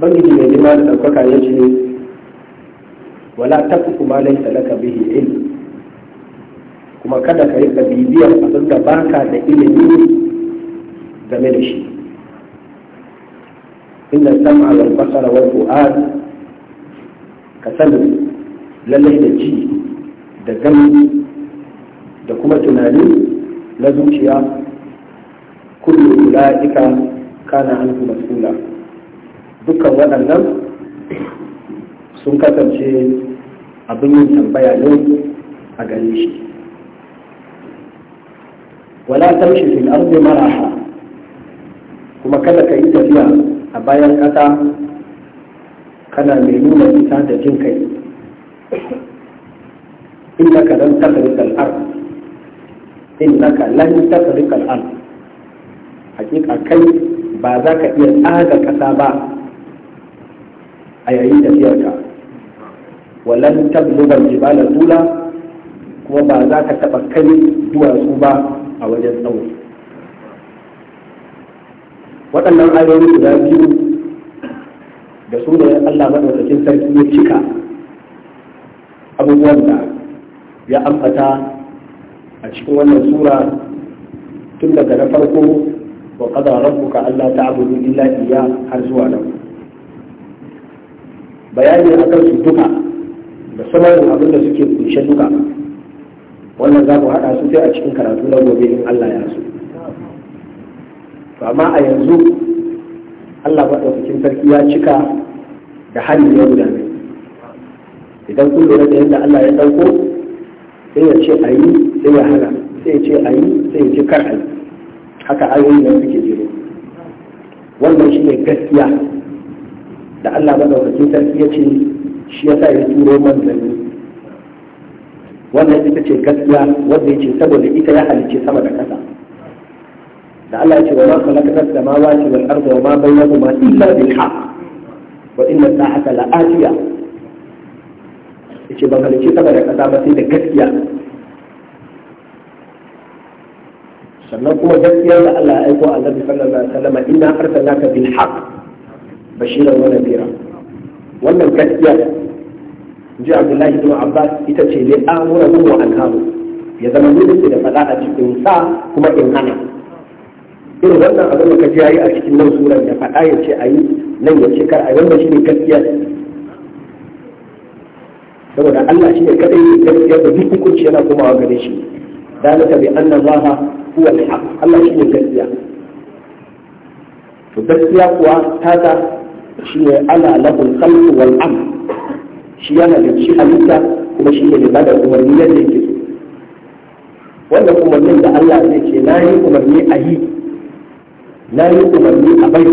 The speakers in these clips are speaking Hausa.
bangiji mai nima da ɗaukaka ya ce wala tafi kuma laifin laka bihi ilmi kuma kada ka yi bibiyar abin da baka da ilimi game da shi inda sam'a a lalbasara wa fu'ad ka sani lallai da ji da gani da kuma tunani na zuciya kullu ula'ika kana anhu mas'ula dukkan waɗannan sun kasance abin yin tambaya ne a gare shi wala tamshi fil ardi maraha kuma kada ka yi tafiya a bayan ƙasa kana mai nuna ita da jin kai innaka lan tasrika al-ard innaka lan tasrika al-ard hakika kai ba za ka iya tsaga ƙasa ba a yayin tafiyarka walan tablugar jibala tula kuma ba za ka taɓa kai duwatsu ba a wajen tsawo waɗannan ayoyi guda biyu da su ne allah maɗaukakin sarki ya cika abubuwan da ya ambata a cikin wannan sura tun daga na farko wa qada rabbuka alla ta'budu illa iya har zuwa nan bayani akan su duka da samarin abin da suke kunshe duka wannan za mu haɗa su sai a cikin karatu na gobe in Allah ya so to amma a yanzu Allah cikin sarki ya cika da hali ya guda idan kun lura da yadda Allah ya ɗauko sai ya ce a yi sai ya hana sai ya ce a yi sai ya ce kar a yi haka ayoyi nan suke jiro wannan shi ne gaskiya da Allah madaukakin sarki ya ce shi ya sa ya turo manzanni wannan ita ce gaskiya wanda ya ce saboda ita ya halicce sama da kasa da Allah ya ce wa ma khalaqa as-samawati wal arda wa ma bainahuma illa bil haqq wa inna sa'ata la'atiya yace ban halicce sama da kasa ba sai da gaskiya sannan kuma gaskiya da Allah ya aiko annabi sallallahu alaihi wasallam inna arsalnaka bil haqq bashira wa nadira wannan gaskiya ji abdullahi ibn abbas ita ce ne amura an anhamu ya zama ni nake da fada a cikin sa kuma in hana irin wannan abin da kaji yayi a cikin nan sura ya fada ya ce ayi nan ya ce kar a wannan shine gaskiya saboda Allah shi ne kadai ne gaskiya da duk hukunci yana komawa gare shi dalika bi anna Allah huwa al-haq Allah shi ne gaskiya to gaskiya kuwa ta ta shi ne ana lahul khalqu wal amr shi yana da shi halitta kuma shi ne bada umarni yadda yake so wannan umarnin da Allah zai ce na yi umarni a yi na yi umarni a bai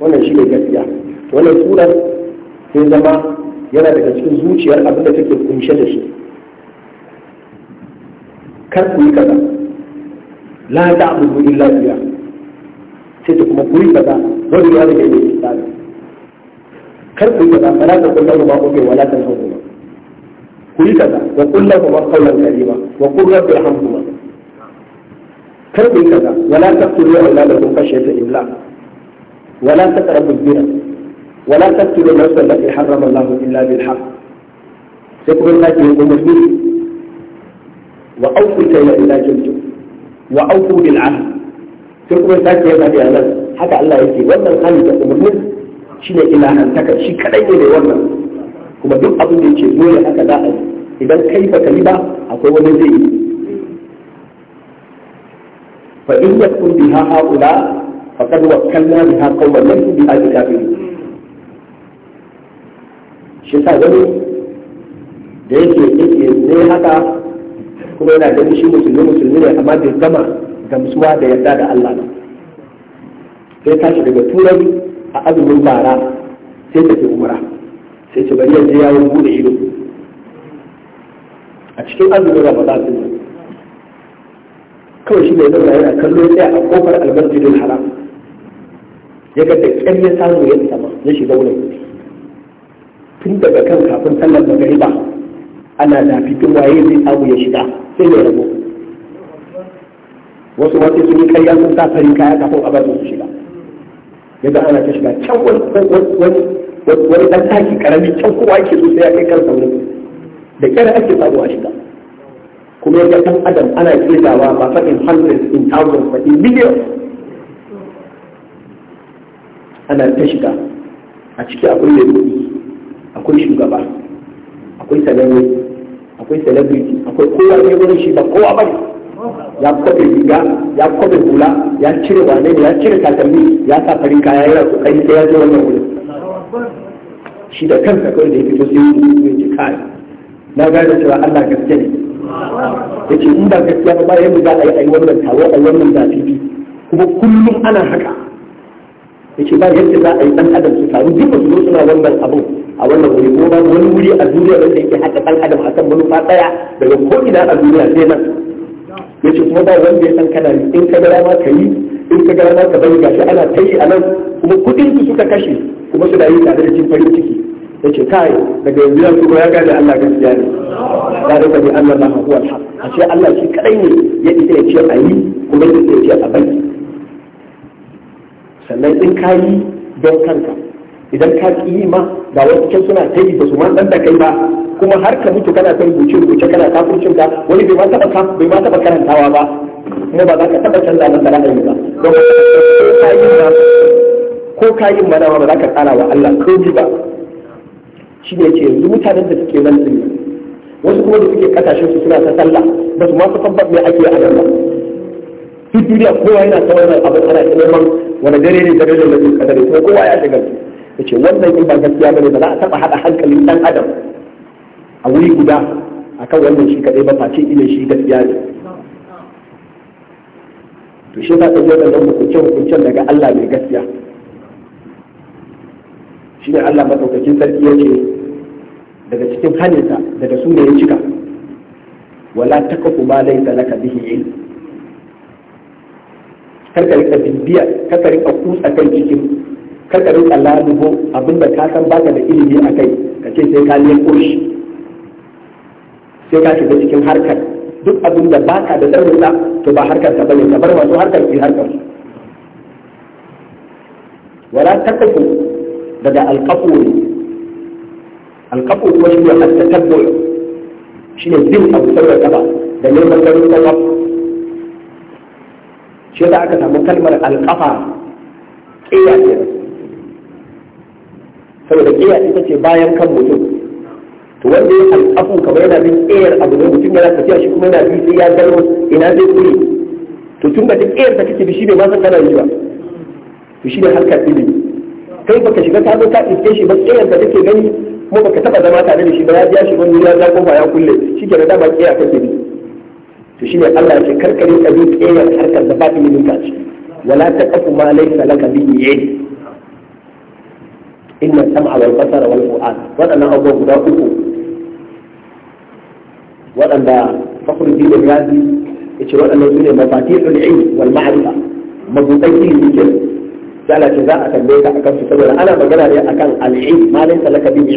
wannan shi ne gaskiya wannan surar sai zama yana daga cikin zuciyar abin da take kunshe da shi kar ku yi kaza la ta'budu illa iyyahu sai ta kuma ku yi kaza wani ya rage ne tsari kar ku yi kaza fala ta kullu ma ubi wala ta hukuma ku yi kaza wa kullu ma qawlan karima wa qul rabbi irhamhuma kar ku yi kaza wala taqtulu awladakum khashyata imla wala taqrabu zina wala taqtulu nafsan allati harrama Allah illa bil haqq sai kuma ta ce ku musulmi wa awfu kayla ila jiltu wa awfu bil ahd sai kuma ta ce yana da haka Allah yake wannan hali da umurnin shi ne taka shi kadai ne da wannan kuma duk abin da yake dole haka za a yi idan kai ba ka yi ba akwai wani zai yi fa in kun biha haula wa wakkalna biha qawman bi biha bikafirin shi sa gani da yake yake ne haka kuma yana ganin shi musulmi musulmi ne amma bai gama gamsuwa da yarda da Allah ne sai tashi daga turai a azumin bara sai tafi umra sai ce bari yanzu yawon bude ido a cikin azumin ramadan din nan kawai shi bai zama yana kallo tsaya a kofar almasjidin haram ya ga da ƙyan ya samu ya sama ya shiga wurin tun daga kan kafin sallar magariba ana da fitin waye zai samu ya shiga sai ya rabu. wasu wasu sun yi karya sun sa farin kaya kafin a bar su shiga yadda ana ta shiga can wani ɗan taki karami can kowa ake so sai ya kai kansa wani da kyara ake samu a shiga kuma yadda kan adam ana kirgawa ba fa in hundreds in thousands ba in millions ana ta shiga a ciki akwai mai kuɗi akwai shugaba akwai sanarwa akwai celebrity akwai kowa ne wani shi ba kowa ba ne ya kwabe riga ya kwabe hula ya cire wane ne ya cire takalmi ya sa farin kaya yana kai sai ya je wannan wurin shi da kansa kawai da ya fito sai ya ji kai na gane cewa Allah gaske ne yace in ba gaskiya ba ba yanda za a yi ayi wannan taro a wannan zafi kuma kullum ana haka yace ba yadda za a yi dan adam su taru duka su zo suna wannan abu a wannan wuri ko ba wani wuri a duniya wanda yake haka dan adam akan manufa daya daga ko ina a duniya sai nan ya ce kuma ba wanda ya san kana in ka gara ma ka yi in ka gara ma ka bari gashi ana ta yi a nan kuma kuɗin su suka kashe kuma suna yi tare da cin farin ciki ya ce kai daga yanzu yanzu kuma ya gane Allah gaskiya ne ya da kabi Allah na hawa a ce Allah shi kadai ne ya isa ya ce a yi kuma ya isa ya ce a bari sannan in ka yi don kanka idan ka ƙi yi ma ga wasu can suna ta yi ba su man da kai ba kuma har ka mutu kana ta rubuce rubuce kana ta kafurcin ka wani bai ma taba bai ma taba karantawa ba kuma ba za ka taba canza masa ra'ayi ba ko ka yi ma ba za ka tsara wa Allah ko ji ba shi ne ce yanzu mutanen da suke nan din wasu kuma da suke kasashen su suna ta sallah ba su ma su tabbat me ake a nan ba duk duniya kowa yana ta wannan abin ana neman wani dare ne da dare da lafiya ko kuma kowa ya shiga ce wannan in ba gaskiya bane ba za a taba hada hankalin dan adam a wuri guda a kan wannan shi kadai ba face ilin shi gaskiya ne to shi ta tsaye da nan hukuncen daga Allah mai gaskiya shi ne Allah madaukakin sarki ce daga cikin hannunsa daga su ne ya cika wala takafu ma da naka bihi ilm karkarin ka bibiya karkarin ka kusa kan cikin kar ka rinka lalubo abinda ka san baka da ilimi a kai ka ce sai ka leko shi sai ka shiga cikin harkar duk abinda da baka da sanin to ba harkar ka bane ka bar masu harkar ki harkar su wala taqfu daga alqafu alqafu ko shi ne at-tatabbu shine bin abu saboda kaba da neman garin kawaf shi da aka samu kalmar alqafa kiyaya saboda ƙiya ita ce bayan kan mutum to wanda ya al'afu kamar yana bin ƙiyar abu ne mutum yana tafiya shi kuma yana bi sai ya gano ina zai kure to tun da duk ƙiyar ta kake bi shi bai ma san kana yi ba to shi ne harkar ilimi kai baka shiga ka zo ka iske shi ba ƙiyar da kake gani kuma baka taɓa zama tare da shi ba ya biya shi wani ya zago ba ya kulle shi ke da dama ƙiyar kake bi to shi ne Allah ya ce karkare ka bi ƙiyar harkar da ba ilimin ka ce wala ta kafu ma laysa laka bihi ilm inna sam'a wal basara wal fu'ad waɗannan abubuwan guda uku waɗanda fakhruddin al ya yace waɗannan sune mafatihul ilm wal ma'rifa mabutai ilmi ke sai Allah ce za a tambaye ka akan su saboda ana magana ne akan al-ilm ma laysa laka bi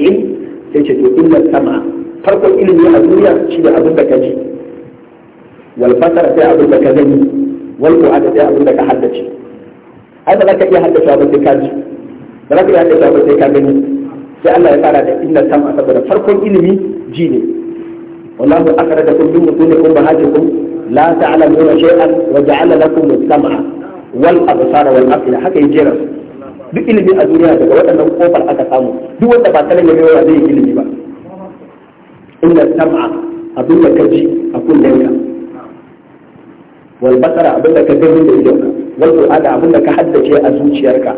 sai ce to inna sam'a farkon ilimi a duniya shi ne abin da ka ji wal basara sai abin da ka gani wal fu'ad sai abin da ka haddace ai ba za ka iya haddace ba sai ka ji ba za ka yi haddasa ba sai ka gani sai Allah ya fara da inna sam'a saboda farkon ilimi ji ne wallahu akhrajakum min butuni ummahatikum la ta'lamuna shay'an wa ja'ala lakum as-sam'a wal absara wal afida haka yi jera duk ilimi a duniya daga waɗannan kofar aka samu duk wanda ba ta nan ya yawa zai yi ilimi ba inna sam'a abin da ka ji a kullenka wal basara abin da ka gani da idonka wal qur'ana abin da ka haddace a zuciyarka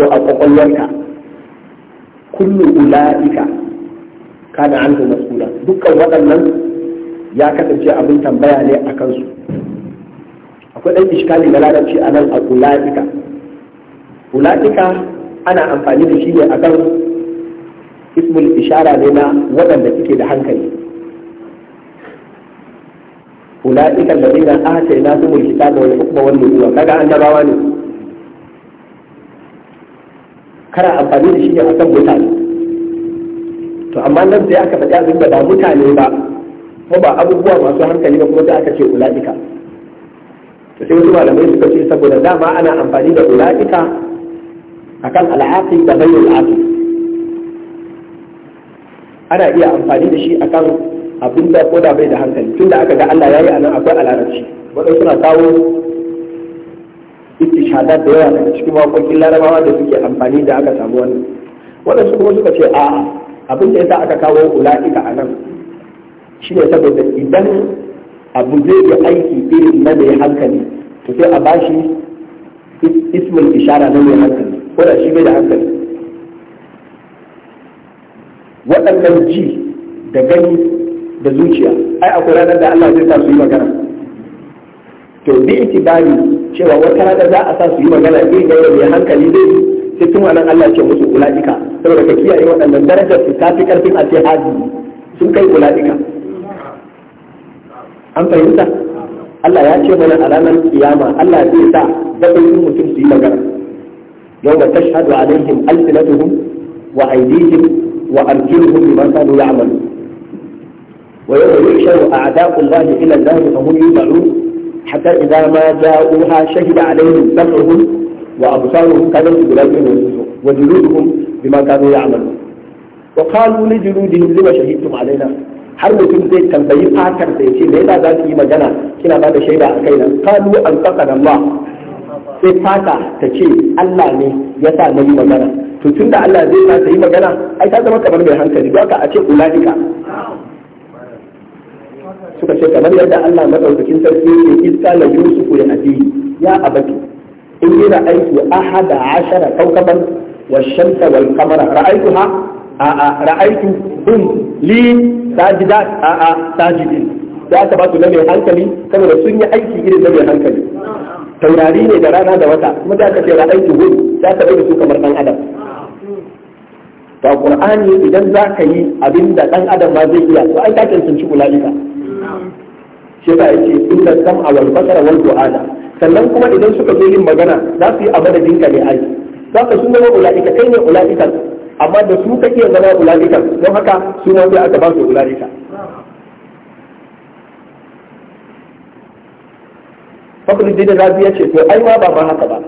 ko a kwakwalwarka kullu ula'ika da an mas'ula dukkan waɗannan ya kasance abin tambaya ne a kansu akwai ɗan iskali na larabci a nan a ula'ika ula'ika ana amfani da shi ne a kan ismul ishara ne na waɗanda suke da hankali ula'ika da ne na sai na ta ga wani hukuma wani nubuwa kaga annabawa ne kana amfani da shi ne kan mutane to amma nan sai aka faɗi abin da ba mutane ba ko ba abubuwa masu hankali ba kuma sai aka ce ula'ika to sai wasu malamai suka ce saboda dama ana amfani da ula'ika akan al'aqi da bayyul aqi ana iya amfani da shi akan abin da ko da bai da hankali tunda aka ga Allah ya a anan akwai alarabci wadanda suna kawo istishada da yawa daga cikin waƙoƙin larabawa da suke amfani da aka samu wannan waɗansu kuma suka ce a abin da ya sa aka kawo ula'ika a nan shi ne saboda idan abu zai yi aiki irin na mai hankali to sai a bashi ismin ishara na mai hankali ko da shi bai da hankali waɗannan ji da gani da zuciya ai akwai ranar da Allah zai sa su yi magana to bi itibari cewa wata rana za a sa su yi magana irin da mai hankali zai yi sai tun anan Allah ce musu ulaika saboda ka kiyaye waɗannan darajar su tafi karfin a ce sun kai ulaika an fahimta Allah ya ce mana a ranar kiyama Allah zai sa dabbobin mutum su yi magana yau yawma tashhadu alaihim alsinatuhum wa aidihim wa arjuluhum bima kanu ya'malun ويوم يحشر أعداء الله إلى النار فهم يوزعون حتى إذا ما جاءوها شهد عليهم سمعهم وأبصارهم كانت بلغهم وجلودهم بما كانوا يعملون وقالوا لجلودهم لما شهدتم علينا هل يمكن أن تنبيه فاكر سيشي ليلا ذاتي مجانا كنا بعد شهد أكينا قالوا أن تقن الله سيفاكا تشي الله الشيء يسا نبي مجانا تتند الله زي ما سيما جانا أن تازمك من بيهانك دوكا أشي أولادك suka ce kamar yadda Allah madaukakin sarki yake iska la yusufu ya abi ya abati in yi ra'aitu ahada ashara kawkaban wa shamsa wal qamara ra'aituha a a ra'aitu hum li sajidat a a sajidin da aka ba su na mai hankali saboda sun yi aiki irin na mai hankali taurari ne da rana da wata kuma da aka ce ra'aitu hum da aka da su kamar dan adam da qur'ani idan za ka yi abin da dan adam ma zai iya to ai ka tantance ula'ika shi ce yace inna a wal basara wal du'ana sannan kuma idan suka zo yin magana za su yi a madadin ka ne ai za ka sun zama ula'ika kai ne ula'ika amma da su ka iya zama ula'ika don haka su ma aka ba su ula'ika Fakhruddin Rabi ya ce to ai ma ba ma haka ba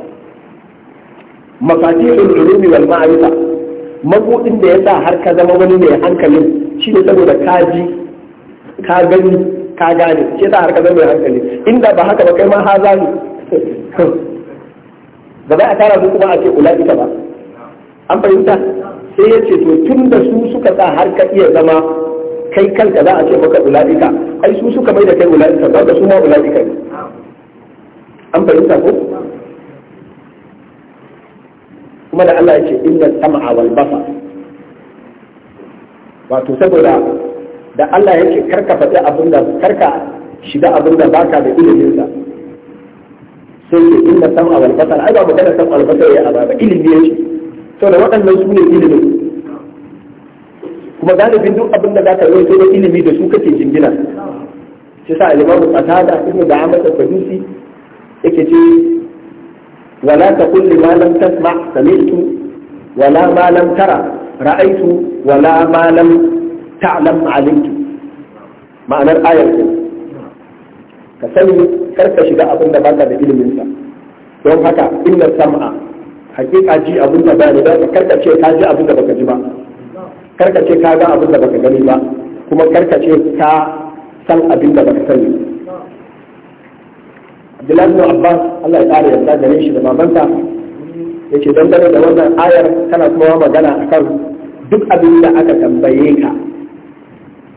mafatihul ulumi wal ma'rifa mabudin da ya sa har ka zama wani mai hankalin shine saboda ka ji ka gani ka gane shi yasa har ka zama mai hankali inda ba haka ba kai ma ha zani ba za a tara su kuma a ce kula ita ba an fahimta sai ya ce to tun da su suka sa har ka iya zama kai kanka za a ce maka ita ai su suka mai da kai ita ba da su ma ita ne an fahimta ko kuma da Allah ya ce inna sam'a wal basar wato saboda da Allah yake karka faɗi abin da karka shiga abin da baka da ilimin sa sai ke inda sam wal basar ai ba magana sam al basar ya aba ba ilimi ce. to da waɗannan su ne ilimin kuma galibin duk abin da ka yi to da ilimi da su kake jingina shi sa al-imamu qatada da da'amat Fadusi. sadusi yake ce wala taqul lima lam tasma sami'tu wala ma lam tara ra'aytu wala ma lam ta'lam alimtu ma'anar ayar ku ka sani kar ka shiga abin da baka da ilimin sa don haka inna sam'a hakika ji abin da bani da kar ka ce ka ji abin da baka ji ba kar ka ce ka ga abin da baka gani ba kuma kar ka ce ka san abin da baka sani Abdullahi bin Abbas Allah ya kare yarda da shi da mamanta yace dangane da wannan ayar tana kuma magana akan duk abin da aka tambaye ka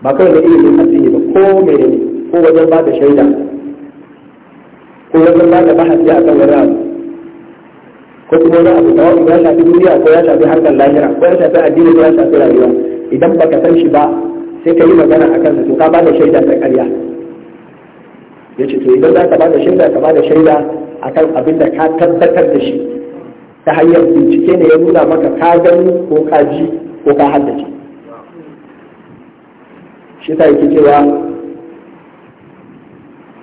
ba kawai da ilimin addini ba ko mene ne ko wajen ba da shaida ko wajen ba da bahasi a kan wani abu ko kuma wani abu tawon ya shafi duniya ko ya shafi harkar lahira ko ya shafi addini ko ya shafi rayuwa idan ba ka san shi ba sai ka yi magana a kansa to ka ba da shaida ta karya ya ce to idan za ka ba da shaida ka ba da shaida a kan abin da ka tabbatar da shi ta hanyar bincike ne ya nuna maka ka gani ko ka ji ko ka haddace shi yasa yake cewa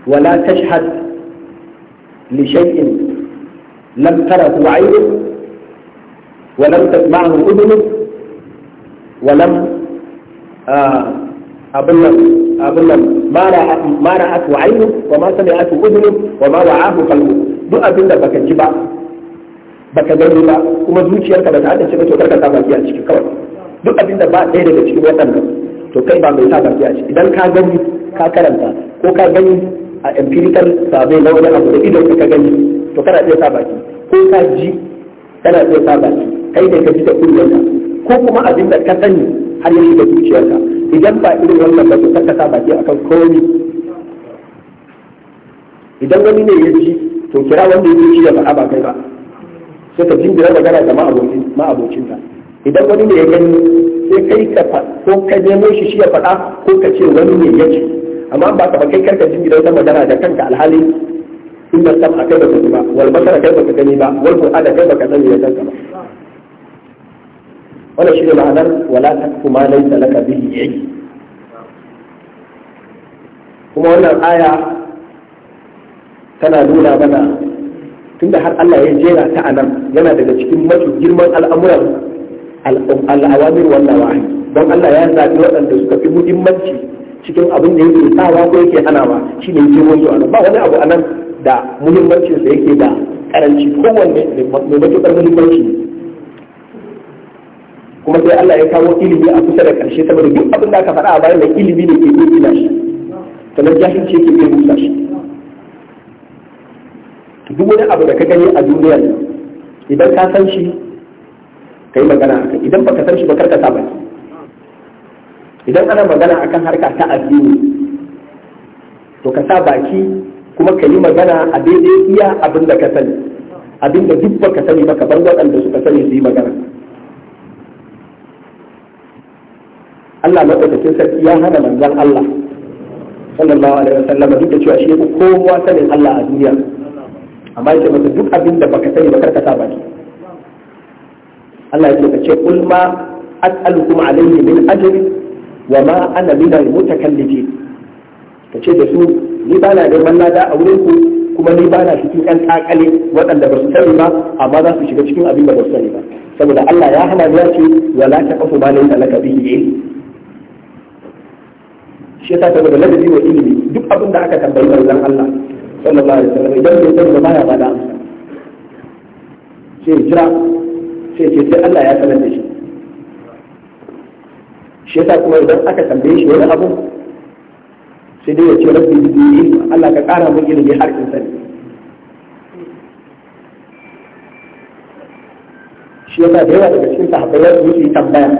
wala tashhad li shay'in lam tarahu 'aynun wa lam tasma'hu udhunun wa lam ah, abin nan abin nan ma ra'atu 'aynun wa ma sami'atu udhunun wa ma wa'ahu qalbu duk abin da baka ji ba baka gani ba kuma zuciyarka ba ta hada ce ba to karka sa baki a ciki kawai duk abin da ba ɗaya daga cikin waɗannan to kai ba mai sa baki a idan ka gani ka karanta ko ka gani a empirical sabai na wani abu da idan ka gani to kana iya sa baki ko ka ji kana iya sa baki kai ne ka ji da yanka, ko kuma abin da ka sani har ya shiga zuciyarka idan ba irin wannan ba to ka sa baki akan komai idan wani ne ya ji to kira wanda ya ji ya faɗa ba kai ba sai ka jingira magana da ma'abocinta idan wani ne ya gani sai kai ka ko ka nemo shi shi ya faɗa ko ka ce wani ne yake. amma ba ka ba kai karka jin gidan magana da kanka alhali in da sam akai baka ba wal basara kai ba baka gani ba wal qur'ana kai baka sani da kanka ba wannan shi ne ma'anar wala takfu ma laysa laka bihi ilm kuma wannan aya tana nuna mana tunda har Allah ya jera ta anan yana daga cikin mafi girman al'amuran al'awamir wannan wahayi don Allah ya zaɓi waɗanda suka fi muhimmanci cikin abin da yake sawa ko yake ba, shi ne yake musu a ba wani abu a nan da muhimmancinsa yake da karanci kowanne mai matuƙar muhimmanci kuma sai Allah ya kawo ilimi a kusa da ƙarshe saboda duk abin da aka faɗa a bayan da ilimi ne ke gina shi jahin jahilci yake iya musa shi duk wani abu da ka gani a duniya idan ka san shi ka yi magana a idan baka san shi ba karka sa ki idan ana magana akan harka ta addini to ka sa baki kuma ka yi magana a daidai iya abin da ka sani abin da duk baka sani ba ka bar waɗanda suka sani su yi magana Allah madaukakin sarki ya hana manzon Allah sallallahu alaihi wasallam duk da cewa shi kowa sanin Allah a duniya amma yake masa duk abin da baka sani ba karka sa ki. Allah ya ce ka ce kul ma as'alukum alayhi min ajri wa ma ana min al-mutakallifin ka ce da su ni ba na neman lada a wurin ku kuma ni ba na cikin ƴan kakale waɗanda ba su sani ba amma za su shiga cikin abin da ba su sani ba saboda Allah ya hana ya ce wala taqfu ma laysa laka bihi ilm shi yasa saboda ladabi wa ilimi duk abin da aka tambayi manzon Allah sallallahu alaihi wasallam idan bai sani ba ya bada amsa sai jira sai ce sai Allah ya sanar da shi shi yasa kuma idan aka tambaye shi wani abu sai dai ya ce rabbi bibi Allah ka kara mun ilimi har in sani shi yasa da yawa daga cikin sahabbai su yi tambaya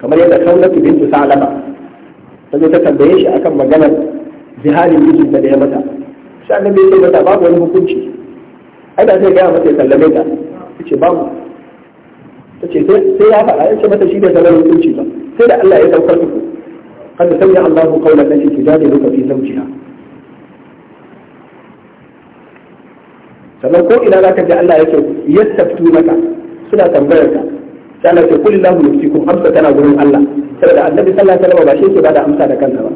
kamar yadda kaunatu bintu salama ta zo ta tambaye shi akan maganar ziharin mijinta da ya mata shi annabi ya ce mata babu wani hukunci ai da zai gaya mata ya sallame ta ta ce babu ta ce sai ya faɗa ya ce mata shi hukunci ba sai da Allah ya saukar uku قد سمع الله قول jaje تجادلك في زوجها sannan ko ina zaka ji Allah ce yastaftu maka suna tambayar ka sai Allah ce kullu lahu yuftikum amsa tana gurin Allah saboda annabi sallallahu alaihi wasallam ba shi yake bada amsa da kansa ba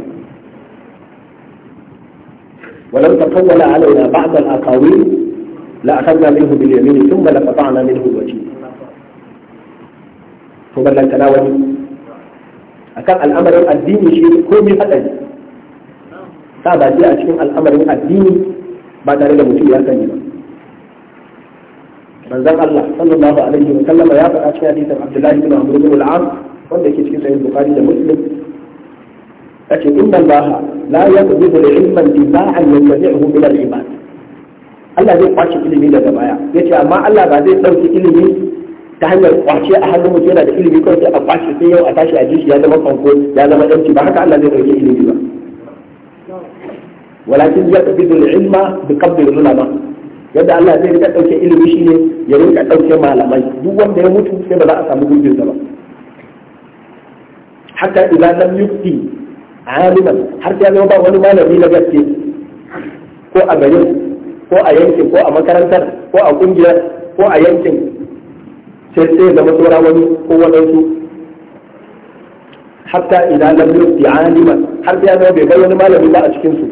walau taqawwala alaina ba'd al لأخذنا منه باليمين ثم لقطعنا منه الوجيه ثم لنتناول أكان الأمر الديني شيء كل من أدن جاء شيء الأمر الديني بعد أن يموت يا سيدي من ذا الله صلى الله عليه وسلم يا بقى شيء حديث عبد الله بن عمرو بن العاص وذلك شيء في البخاري ومسلم لكن إن الله لا يقبض العلم انتباعا يتبعه من العباد Allah zai kwace ilimi daga baya ce amma Allah ba zai dauki ilimi ta hanyar kwace a hannun mutum yana da ilimi kawai sai a kwace sai yau a tashi a jishi ya zama fanko ya zama danci ba haka Allah zai dauki ilimi ba walakin ya tafi da ilma bi qabdil ulama yadda Allah zai rika ɗauke ilimi shine ya rika ɗauke malamai duk wanda ya mutu sai ba za a samu gurbin ba hatta idan lam yufti aliman har sai ya zama ba wani malami na gaske ko a garin ko a yankin ko a makarantar ko a kungiyar ko a yankin sai sai zama tsora wani ko waɗansu hatta idan lam yusbi alima har da ya bai bai wani malami ba a cikin su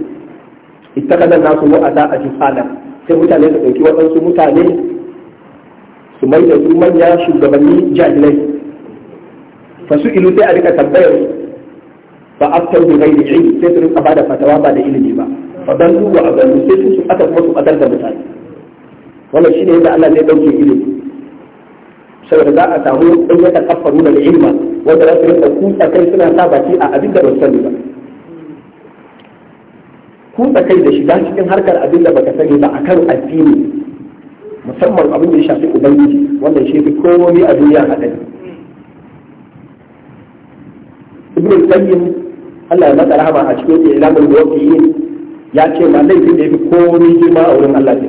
ittakadan nasu mu ada a jifala sai mutane su dauki waɗansu mutane su mai da su manya shugabanni jahilai fa su ilu sai a rika tambayar ba aftar da gairi ilmi sai su rinka bada fatawa ba da ilimi ba duba a adallu sai su aka kuma su ɓatar da mutane wannan shi ne yadda Allah zai dauke ilimi saboda za a samu ɗan ya takaffaru da ilma wanda za su rinka kutsa kai suna sa baki a abin da ba su sani ba kutsa kai da shiga cikin harkar abin da baka sani ba a kan addini musamman abin da ya shafi ubangiji wannan shi fi komai a duniya haɗari ibn qayyim Allah ya masa rahama a cikin ilamul muwaqqi'in ya ce ma laifin da ya fi komai girma a wurin Allah ne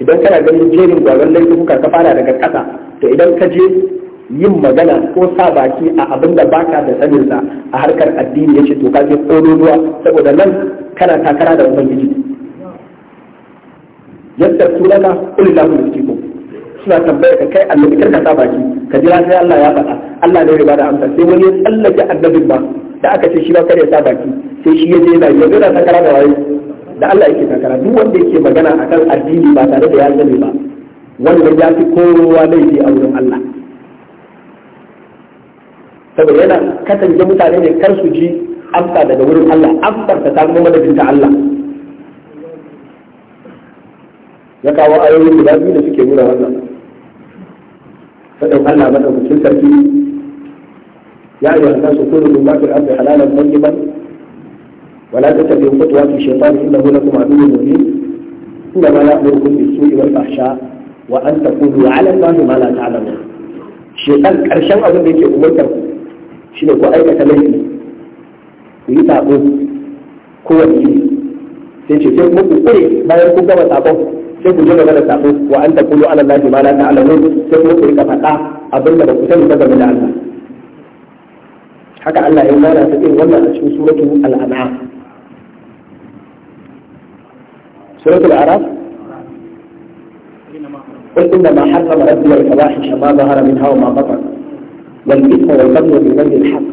idan kana ganin jerin gwaron kuka ka fara daga ƙasa to idan ka je yin magana ko sa baki a abin da baka da saninsa a harkar addini ya ce to ka je ruwa saboda nan kana takara da ubangiji yadda turaka kulillahu yutikum suna tambaya ka kai annabi karka sa baki ka jira sai Allah ya faɗa Allah ne ya da amsa sai wani ya tsallake annabin ba da aka ce shi ba kare sa baki sai shi ya je da yanzu na takara da wai da Allah yake takara duk wanda yake magana akan addini ba tare da ya sani ba wannan ya fi kowa laifi a wurin Allah saboda yana kasance mutane ne kar su ji amsa daga wurin Allah amsar ta samu madadin ta Allah ya kawo ayoyin guda da suke nuna wannan faɗin Allah madaukakin sarki يا أيها الناس كلوا مما في الأرض حلالا طيبا ولا تتبعوا خطوات الشيطان إنه لكم عدو مبين إنما يأمركم بالسوء والفحشاء وأن تقولوا على الله ما لا تعلمون الشيطان كرشان أظن يجي أمركم شنو كو اي تلهي ويتعبوا كوة جيد سيجي سيجي مكو ما يكون كما تعبوا sai ku je gaba da sako wa an taqulu ala allahi ma la ta'lamun sai ku rika faɗa abin da ba ku sani ba game da Allah حكى الله يوم لا تدين ولا تشوف سورة الأنعام سورة الأعراف قل إنما حرم ربي الفواحش ما ظهر منها وما بطن والإثم والبغي بغير الحق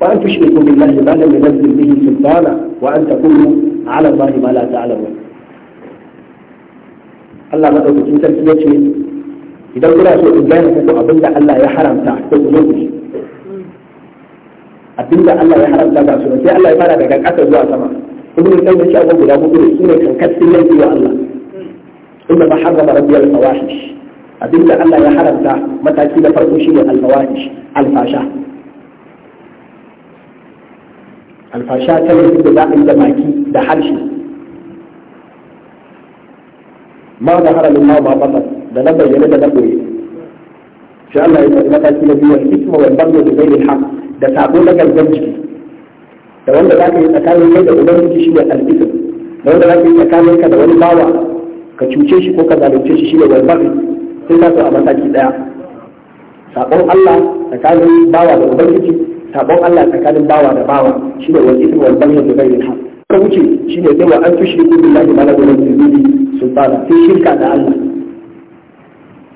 وأن تشركوا بالله ما لم ينزل به سلطانا وأن تقولوا على الله ما لا تعلمون الله ما أقول إن تنسيت إذا قلت لك أبدا الله يحرم تعقل ذنبك abinda Allah ya haramta ga su sai Allah ya fara daga ƙasa zuwa sama ibnu sai ya ce guda hudu ne sune kankatsin laifi wa Allah inna ma harrama rabbiyal fawahish abinda Allah ya haramta mataki da farko shine al fawahish al fasha al fasha ta ne da zaɓin da maki da harshe ma da haramin ma ba ba da na bayyana da na koyi shi Allah ya yi mataki na biyar al ismu wal baghy bi ghairi al da sabo na gangan jiki da wanda za ka yi tsakanin kai da ubangiji shi ne al'isir da wanda za ka yi tsakanin ka da wani bawa ka cuce shi ko ka zalunce shi shi ne walbari sai ka so a mataki daya sabon Allah tsakanin bawa da ubangiji sabon Allah tsakanin bawa da bawa shi ne wani wal'isir walbari da bai ha ka wuce shi ne zai wa an fi shirku billahi mana na gurin sun fara sai shirka da Allah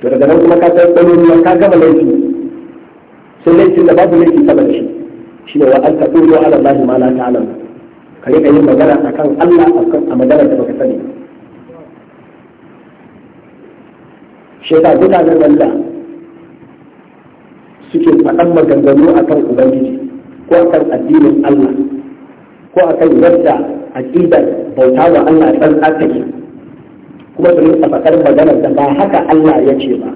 to daga nan kuma ka san tsaro ka gama laifi sai laifin da babu laifin saban shi ne wa an taqulu ala allahi ma la ta'lam ka rika yin magana akan Allah akan a magana da baka sani guda na Allah suke faɗan maganganu akan ubangiji ko akan addinin Allah ko akan yadda aqidar bauta wa Allah dan take kuma su a faɗar magana da ba haka Allah ya ce ba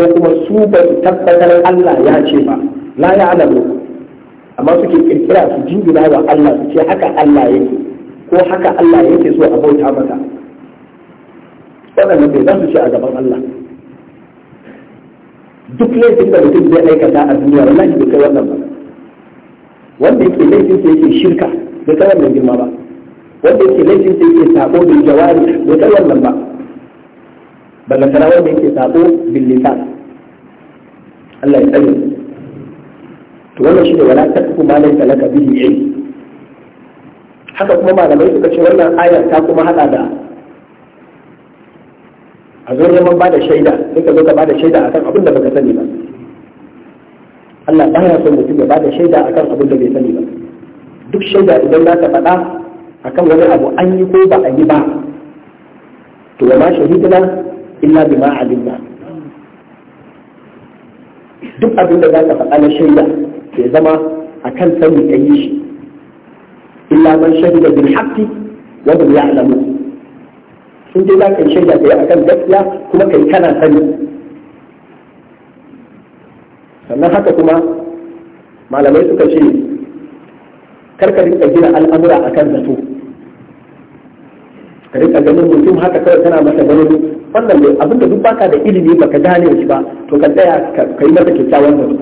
ko kuma su ba su tabbatar Allah ya ce ba la ya alamu amma suke kirkira su jingina wa Allah su ce haka Allah yake ko haka Allah yake so a bauta mata waɗannan bai za su ce a gaban Allah duk laifin da mutum zai aikata a duniya wallahi bai kai wannan ba wanda yake laifin sa yake shirka bai kai wannan girma ba wanda yake laifin sa yake sabo bil jawari bai kai wannan ba ballantana wanda yake sabo bil lisan Allah ya tsare to wannan shi ne wala taqfu ma laysa laka bihi ilm haka kuma malamai suka ce wannan ayar ta kuma hada da a zo neman bada shaida sai ka zo ka bada shaida akan abin da baka sani ba Allah ba ya son mutum ya ba shaida akan abin da bai sani ba duk shaida idan za ka faɗa akan wani abu an yi ko ba a yi ba to wa ma shahidna illa bima alimna duk abin da za ka faɗa na shaida ke zama a kan sani ka yi shi illa man shahida bil haqqi wa hum ya'lamun sun je za ka yi shaida kai akan gaskiya kuma kai kana sani sannan haka kuma malamai suka ce karka rinka gina al'amura akan zato ka rika ganin mutum haka kawai kana masa ganin wannan bai abin da duk baka da ilimi baka gane shi ba to ka tsaya ka yi masa kyakkyawan zato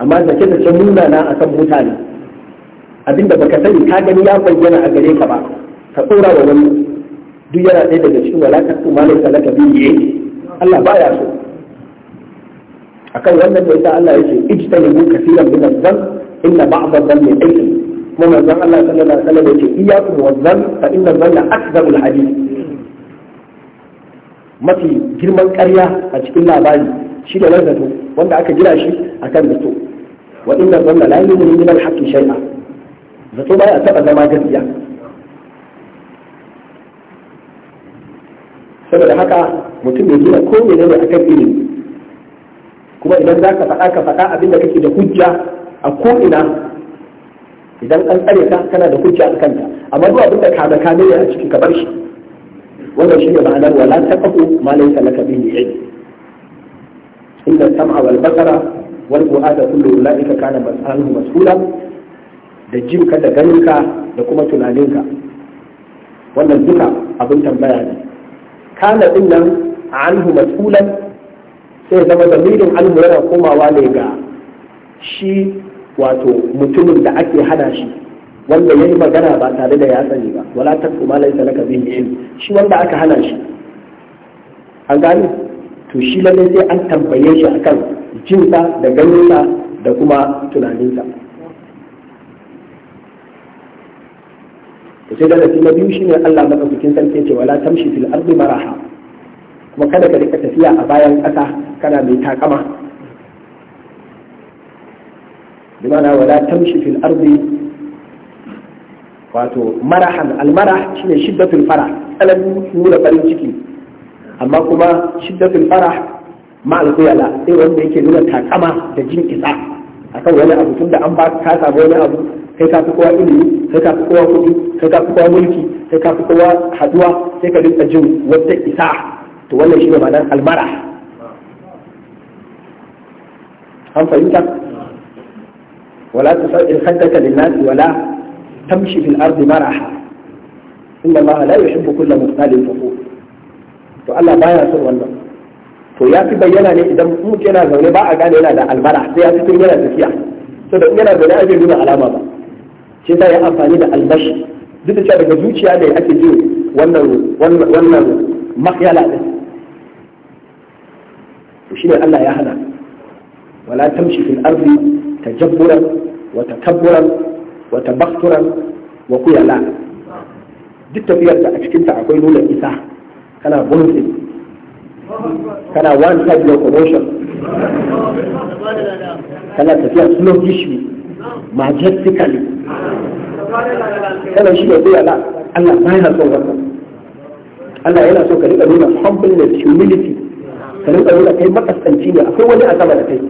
amma ke da ce nuna na akan mutane abin da baka sani ka gani ya bayyana a gare ka ba ka tsora wa wani duk yana ɗaya daga cikin walakar su malai salaka biye Allah baya so akan wannan da sa Allah ya ce ijtanibu kasiran min adh-dhanb inna ba'd adh kuma manzon Allah sallallahu alaihi wasallam yace iyyakum wazzan fa inna zanna akzabul hadith mafi girman ƙarya a cikin labari shi da nan wanda aka gina shi akan zato wa inna zanna la yu'minu min al-haqqi shay'a zato baya taɓa zama gaskiya saboda haka mutum ya gina ko ne ne kan ilimi kuma idan za ka faɗa ka faɗa abinda kake da hujja a ko'ina idan an tsare ka kana da hujja a kanta amma duk abin da ka kame ya a ciki, ka bar shi wannan shine ma'anar wala taqfu ma laysa laka bihi ilm inda sam'a wal basara wal fu'ada kullu ulaika kana mas'aluhu mas'ula da ka da ganinka da kuma tunaninka wannan duka abin tambaya ne kana din nan anhu mas'ulan sai zama da mirin yana komawa ne ga shi wato mutumin da ake hana shi wanda yayi magana ba tare da ya sani ba wala ta kuma laisa laka bihi ilm shi wanda aka hana shi an gani to shi lalle sai an tambaye shi akan jinsa da ganinsa da kuma tunaninsa to sai darasi na biyu shine Allah madaukakin sarki ce wala tamshi fil ardi maraha kuma kada ka rika tafiya a bayan ƙasa kana mai takama bimana wala tamshi fil ardi wato marahan almarah shine shiddatul farah tsananin nuna farin ciki amma kuma shiddatul farah ma alqiyala sai wanda yake nuna takama da jin isa akan wani abu tunda an ba ka samu wani abu kai ka fi kowa ilimi kai ka fi kowa kuɗi kai ka fi kowa mulki kai ka fi kowa haduwa sai ka rinka jin wata isa to wannan shine ma'anar almara an fahimta ولا تسجل خدك للناس ولا تمشي في الأرض مرحا إن الله لا يحب كل مختال فخور فألا بايا سوى الله فيا في بيانا لي إذا ممكن أن يبع لا إلى المرح فيا في بيانا تفيا سوى إلى بلا أجل من على ماذا شدا يا أفاني ذا المشي ذي تشعر بجوشي علي أكدو ونو ونو مخيالا وشين الله يا هلا ولا تمشي في الأرض tajabburan wata takabburan wata tabakturan wa kuyala duk tafiyar da a ta akwai nuna isa kana bunsin kana one side locomotion kana tafiya slowishly majestically kana shi ne kuyala Allah ba yana son wannan Allah yana so ka riƙa nuna humbleness humility ka riƙa nuna kai makasanci ne akwai wani a sama da kai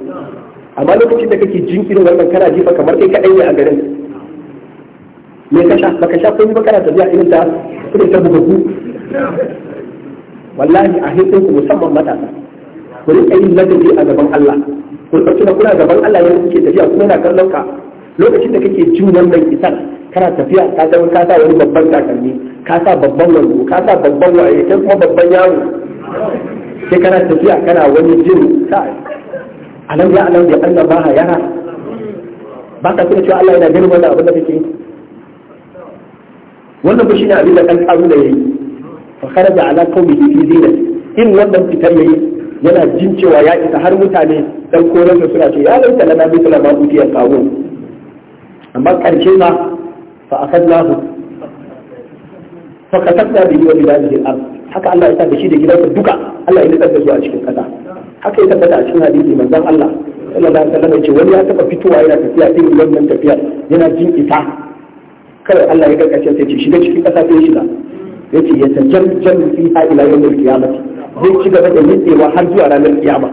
amma lokacin da kake jinkirin wannan kana jifa kamar kai kaɗai ne a garin me ka sha baka sha komai ba kana tafiya irin ta irin ta ku? wallahi a hikin ku musamman matasa ku rinka yin ladabi a gaban Allah ku tsaki da kuna gaban Allah yadda kuke tafiya kuma yana kallon ka lokacin da kake jin wannan isar kana tafiya ka san ka sa wani babban takalmi ka sa babban wando ka sa babban waye kai kuma babban yaro sai kana tafiya kana wani jin sai alam ya alam bi anna ma yara ba ka tuna cewa Allah yana girma da abin da kake wannan ba shine abin da kan karu da yayi fa kharaja ala qaumihi fi zinati in wannan fitar yayi yana jin cewa ya isa har mutane dan koran su suna ce ya laita lana bi sallama utiya kawo amma karshe ma fa akadnahu fa katabna bihi wa bidalihi al-ard haka Allah ya sa da shi da gidansa duka Allah ya nutsar da su a cikin kasa haka ya tabbata a cikin hadisi manzon Allah sallallahu alaihi wasallam ce wani ya taba fitowa yana tafiya irin wannan tafiyar yana jin ita kawai Allah ya karkace sai ce shiga cikin kasa sai shiga yace ya tajal jal fi ha ila yawmil qiyamah zai ci gaba da nitsewa har zuwa ranar kiyama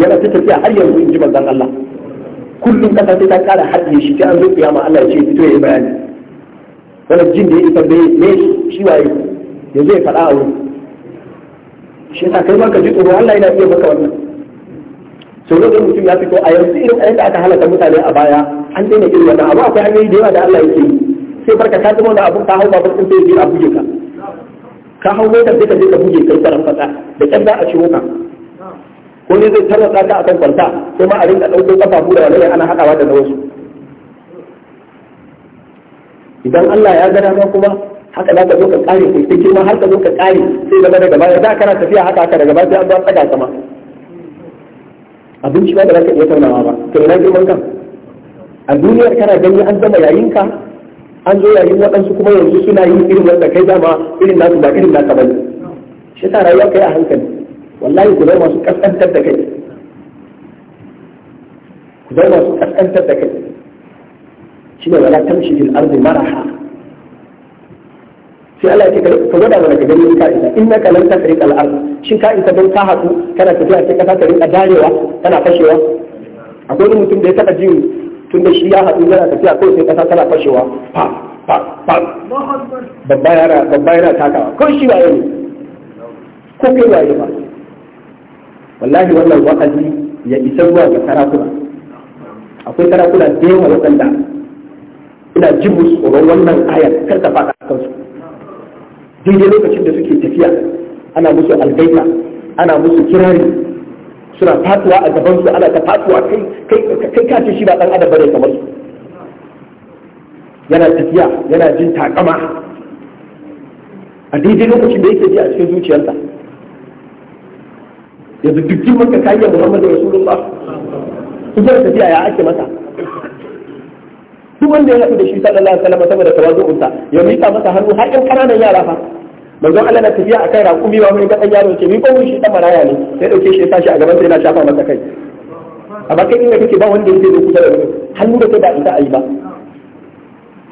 yana ta tafiya har yanzu in ji manzon Allah kullum kasa sai ta kara hadiye shi sai an zo kiyama Allah ya ce fito yayi bayani wannan jin da ya isa bai ne shi waye yanzu ya faɗa a wurin shi yasa kai ma ka ji tsoro Allah yana iya maka wannan sau da mutum ya fito a yanzu irin ayyukan da aka halaka mutane a baya an daina irin wannan amma akwai hanyoyi da yawa da Allah yake yi sai barka ka zama ka hau sai a buge ka ka hau motar sai ka je ka buge fata da kyan za a ciwo ka ko ne zai tarwata ka akan kwanta sai ma a rinka ɗauko kafafu da wani ana haɗawa da na wasu idan Allah ya gada ma kuma haka za ka zo ka kare kai ta girma har ka zo ka kare sai gaba daga baya da kana tafiya haka haka daga baya sai an zo an tsaga sama abinci ba da za ka iya taunawa ba to ina girman kan a duniyar kana gani an zama yayin ka an zo yayin waɗansu kuma yanzu suna yin irin wanda kai dama irin nasu ba irin naka bane shi sa rayuwa kai a hankali wallahi ku zama masu kaskantar da kai ku zama masu kaskantar da kai shi ne wala tamshi fil ardi maraha sai Allah ya ce ka gwada mana ka gani ka isa inna ka lanta ka rika ard shin ka isa don ka haɗu? kana tafiya sai ka ta rika darewa kana fashewa akwai wani mutum da ya taba jin tunda shi ya haɗu yana tafiya kawai sai kasa tana fashewa pa pa pa babba yana babba yana takawa ko shi ba yau ko kai ba yau ba wallahi wannan wa'azi ya isa zuwa ga sarakuna akwai sarakuna da yawa waɗanda ina jin musu wannan ayar kar ka faɗa kansu daidai lokacin da suke tafiya ana musu algaita ana musu kirari suna fatuwa a gaban su ana ta fatuwa kai kai kai shi ba dan adam bane kamar su yana tafiya yana jin takama a daidai lokacin da yake ji a cikin zuciyarsa yanzu duk girman ka kayyar Muhammadu Rasulullah kuma tafiya ya ake masa wanda ya haɗu da shi sallallahu alaihi wasallam saboda tawazu'unsa ya mika masa hannu har ƴan ƙananan yara fa manzo Allah na tafiya akan raƙumi ba mun ga ɗan yaro ce mi ko mun shi ɗan maraya ne sai ɗauke shi ya shi a gaban sa yana shafa masa kai amma kai inda kake ba wanda yake zo kusa da kai hannu da kai ba ita ayi ba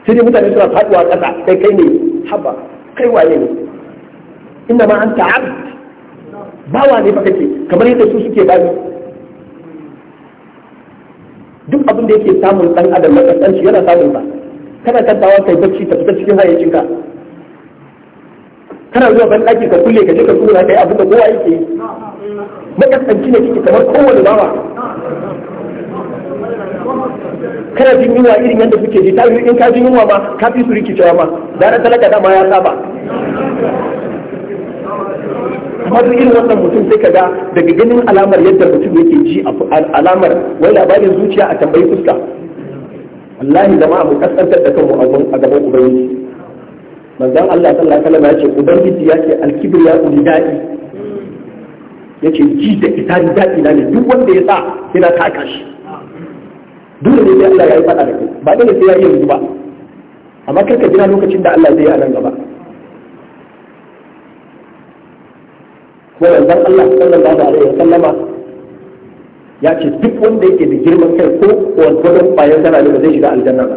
sai dai mutane suna faduwa ƙasa kai kai ne haba kai waye ne inna ma anta abd bawa ne ba kake kamar yadda su suke bayi duk abin da yake samun dan adam na kasance yana samun sa kana tattawa kai bacci ta fita cikin hayyacinka kana zuwa ban daki ka kulle ka je ka tura kai abin da kowa yake yi makasanci ne kike kamar kowane bawa kana jin yunwa irin yadda kuke ji ta yi in ka jin yunwa ma ka fi su rikicewa ma da na talaka dama ya saba amma duk irin wannan mutum sai kaga daga ganin alamar yadda mutum yake ji alamar wai labarin zuciya a tambayi fuska wallahi zama mu kasantar da kanmu a gaban ubangiji manzon Allah sallallahu alaihi wasallam ya ce ubangiji ya ce alkibriya ulidai Yake ji da ita daɗi na ne duk wanda ya sa yana taka shi dole ne sai Allah ya yi faɗa da kai ba dole sai ya yi yanzu ba amma ka jira lokacin da Allah zai yi a nan gaba wannan dan Allah sallallahu alaihi wa sallama ya ce duk wanda yake da girman kai ko gwargwadon bayan sana ne ba zai shiga aljanna ba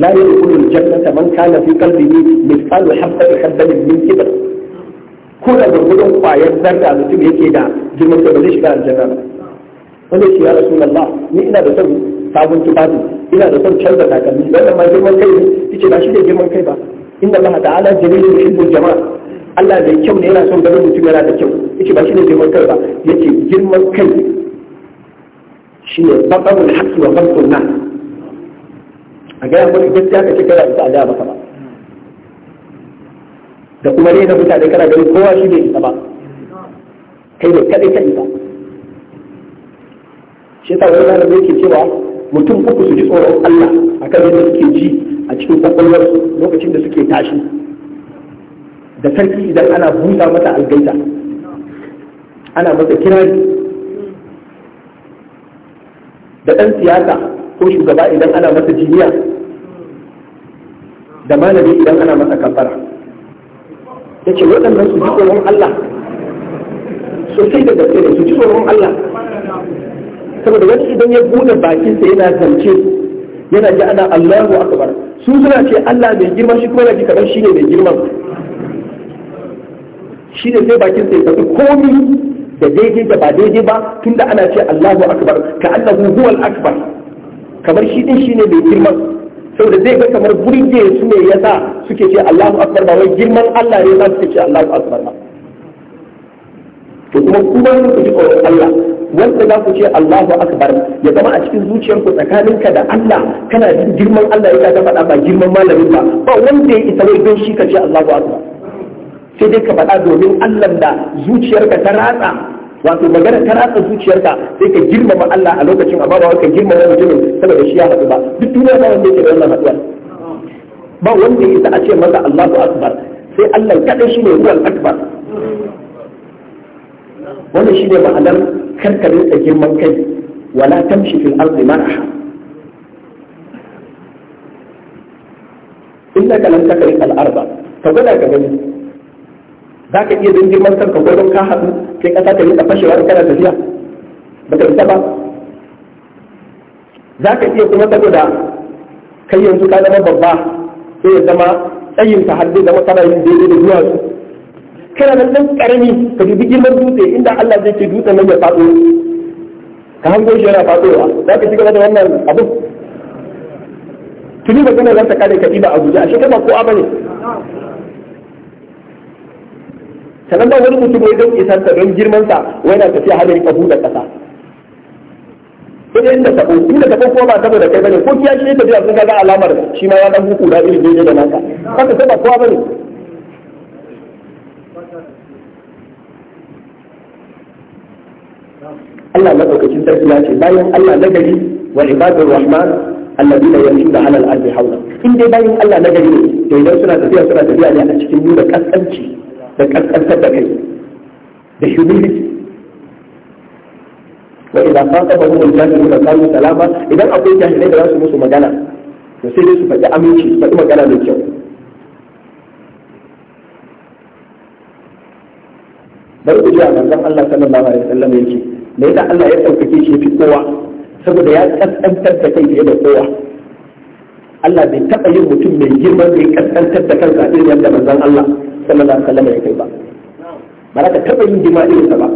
la yadkhulu aljannata man kana fi qalbihi mithqalu habatin khardalin min kibr ko da gwargwadon kwayar zarra mutum yake da girman kai ba zai shiga aljanna ba wanda ya ce ya rasulullah ni ina da son sabon tufafi ina da son canza takalmi wannan ma girman kai ne yace ba shi da girman kai ba inna allaha ta'ala jalilun yuhibbul jama'a Allah da kyau ne yana son ganin mutum yana da kyau yace ba shi ne girman kai ba yace girman kai shi ne babban haqqi wa babban na. a ga maka gaskiya ka ce kana da allah maka ba da kuma ne da mutane kana ganin kowa shi ne ba kai ne kadai kai ba. shi ta wani da yake cewa mutum uku su ji tsoron Allah akan yadda suke ji a cikin kwakwalwarsu lokacin da suke tashi da sarki idan ana busa mata algaita ana masa kirari da ɗan siyasa ko shugaba idan ana masa jiniya da malami idan ana masa kafara ya ce waɗannan su ji tsoron Allah sosai da gaske da su ji tsoron Allah saboda wani idan ya buɗe bakinsa yana zance yana ji ana Allahu akbar su suna ce Allah mai girma shi kuma ji kaɗan shi ne mai girman shi ne sai bakin sai tafi komi da daidai da ba daidai ba tun da ana ce Allahu akbar ka annahu huwal akbar kamar shi din shine mai girman saboda zai ga kamar burge su ne yasa suke ce Allahu akbar ba wai girman Allah ne za su ce Allahu akbar ba to kuma kuma ku ji tsoron Allah wanda za ku ce Allahu akbar ya zama a cikin zuciyarku tsakaninka da Allah kana jin girman Allah yasa ka faɗa ba girman malamin ba ba wanda ya isa wai don shi ka ce Allahu akbar sai dai ka faɗa domin Allah da zuciyarka ta ratsa wato magana ta ratsa zuciyarka sai ka girmama Allah a lokacin amma ba ka girmama mutumin saboda shi ya haɗu ba duk duniya ba wanda yake da wannan haɗuwar ba wanda yake a ce masa Allahu akbar sai Allah kaɗai shi ne huwal akbar wannan shi ne ma'anar karkarin da girman kai wala tamshi fil ardi maraha innaka lan takrik al arda fa gwada ka gani za ka iya jin girman kanka gwanon ka haɗu kai ƙasa ta rinka fashewa in kana tafiya ba ka isa ba za ka iya kuma saboda kai yanzu ka zama babba sai ya zama tsayin ta haddu zama kana yin daidai da duwatsu kana nan ɗan ƙarami ka dubi girman dutse inda Allah zai ce dutsen nan ya faɗo ka hango shi yana faɗowa za ka ci gaba da wannan abin tuni magana zan ta kare ka ɗiba a guje a shekara ko a bane sannan ba wani mutum wai don isarsa don girmansa wai na tafiya har ya buɗe ƙasa sai inda tabo inda tabo ko ba saboda kai bane ko kiya shi tafiya sun ga alamar shi ma ya dan huku da irin daidai da naka haka sai ba kowa bane Allah madaukakin sarki ya ce bayan Allah nagari wal ibadur rahman alladina yamshuna ala al-ardi hawla in dai bayan Allah nagari ne to idan suna tafiya suna tafiya ne a cikin nuna kaskanci da kaskantar da kai da humility wa idan ta taba mun jami'u da kalu salama idan akwai jami'ai da za su musu magana to sai dai su faɗi aminci su faɗi magana mai kyau bari ku jiya a manzon Allah sallallahu alaihi wasallam yake me yasa Allah ya ɗaukake shi fi kowa saboda ya kaskantar da kai fiye da kowa Allah bai taɓa yin mutum mai girma mai ya kaskantar da kansa irin yadda manzon Allah sallallahu alaihi wasallam ya kai ba ba za ka taɓa yin girma irin sa ba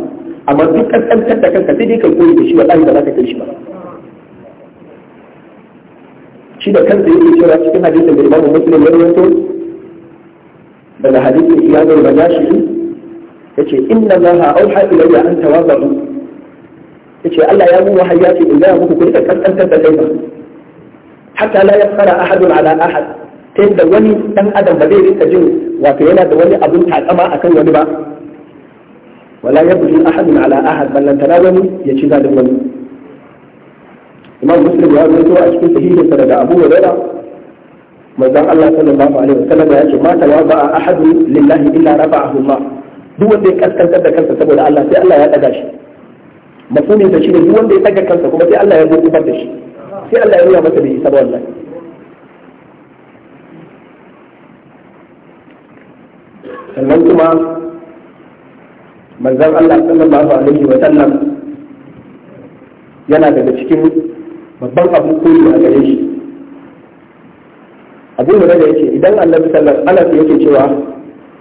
amma duk kaskantar da kanka sai dai ka koyi da shi wallahi ba za ka kai shi ba shi da kansa yake cewa cikin hadisin da Imam Muslim ya rawaito daga hadisin Iyad al-Bajashi yace inna Allah auha ilayya an tawadu yace Allah ya mu wahayi yace in ga muku kun kaskantar da kai حتى لا يفقر أحد على أحد تبدأ ولي أن أدم بذير التجن وكينا دولي أبن تعتمى أكن ونبع ولا يبدو أحد على أحد بل أن تناولي يشيزا دولي إمام مسلم يقول أنه أشكي سهيد سرد أبو وليلا مزان الله صلى الله عليه وسلم يقول ما توابع أحد لله إلا رفعه الله duk wanda ya تبدأ da kansa saboda Allah الله يا ya daga shi mafuni da shi ne duk wanda ya daga kansa kuma sai Allah ya nuna masa da isa ba wallahi sannan kuma manzan Allah sallallahu alaihi wa sallam yana daga cikin babban abin koyi a gare shi abin da yake idan Allah sallallahu alaihi wa sallam yake cewa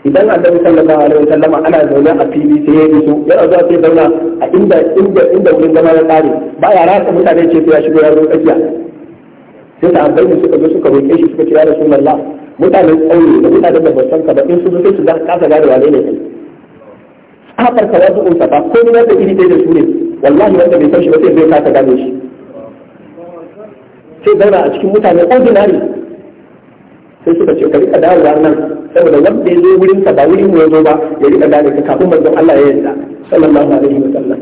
idan annabi sallallahu alaihi wasallam ana zaune a fili sai ya iso ya zo sai zauna a inda inda inda wurin zama ya tsare ba ya rasa mutane ce sai ya shigo ya zo tsakiya sai sahabbai ne suka zo suka roƙe shi suka ce ya rasulullah mutanen tsauri da mutanen da basan ka ba in su zo sai su ga kasa gane wane ne kai afar ka wasu unsa ba ko da iri dai da su ne wallahi wanda bai san shi ba sai zai kasa gane shi sai zauna a cikin mutane ordinary sai suka ce ka rika dawowa nan saboda wanda ya zo wurin ka ba wurin mu ya zo ba ya rika gane ka kafin manzon Allah ya yarda sallallahu alaihi wa sallam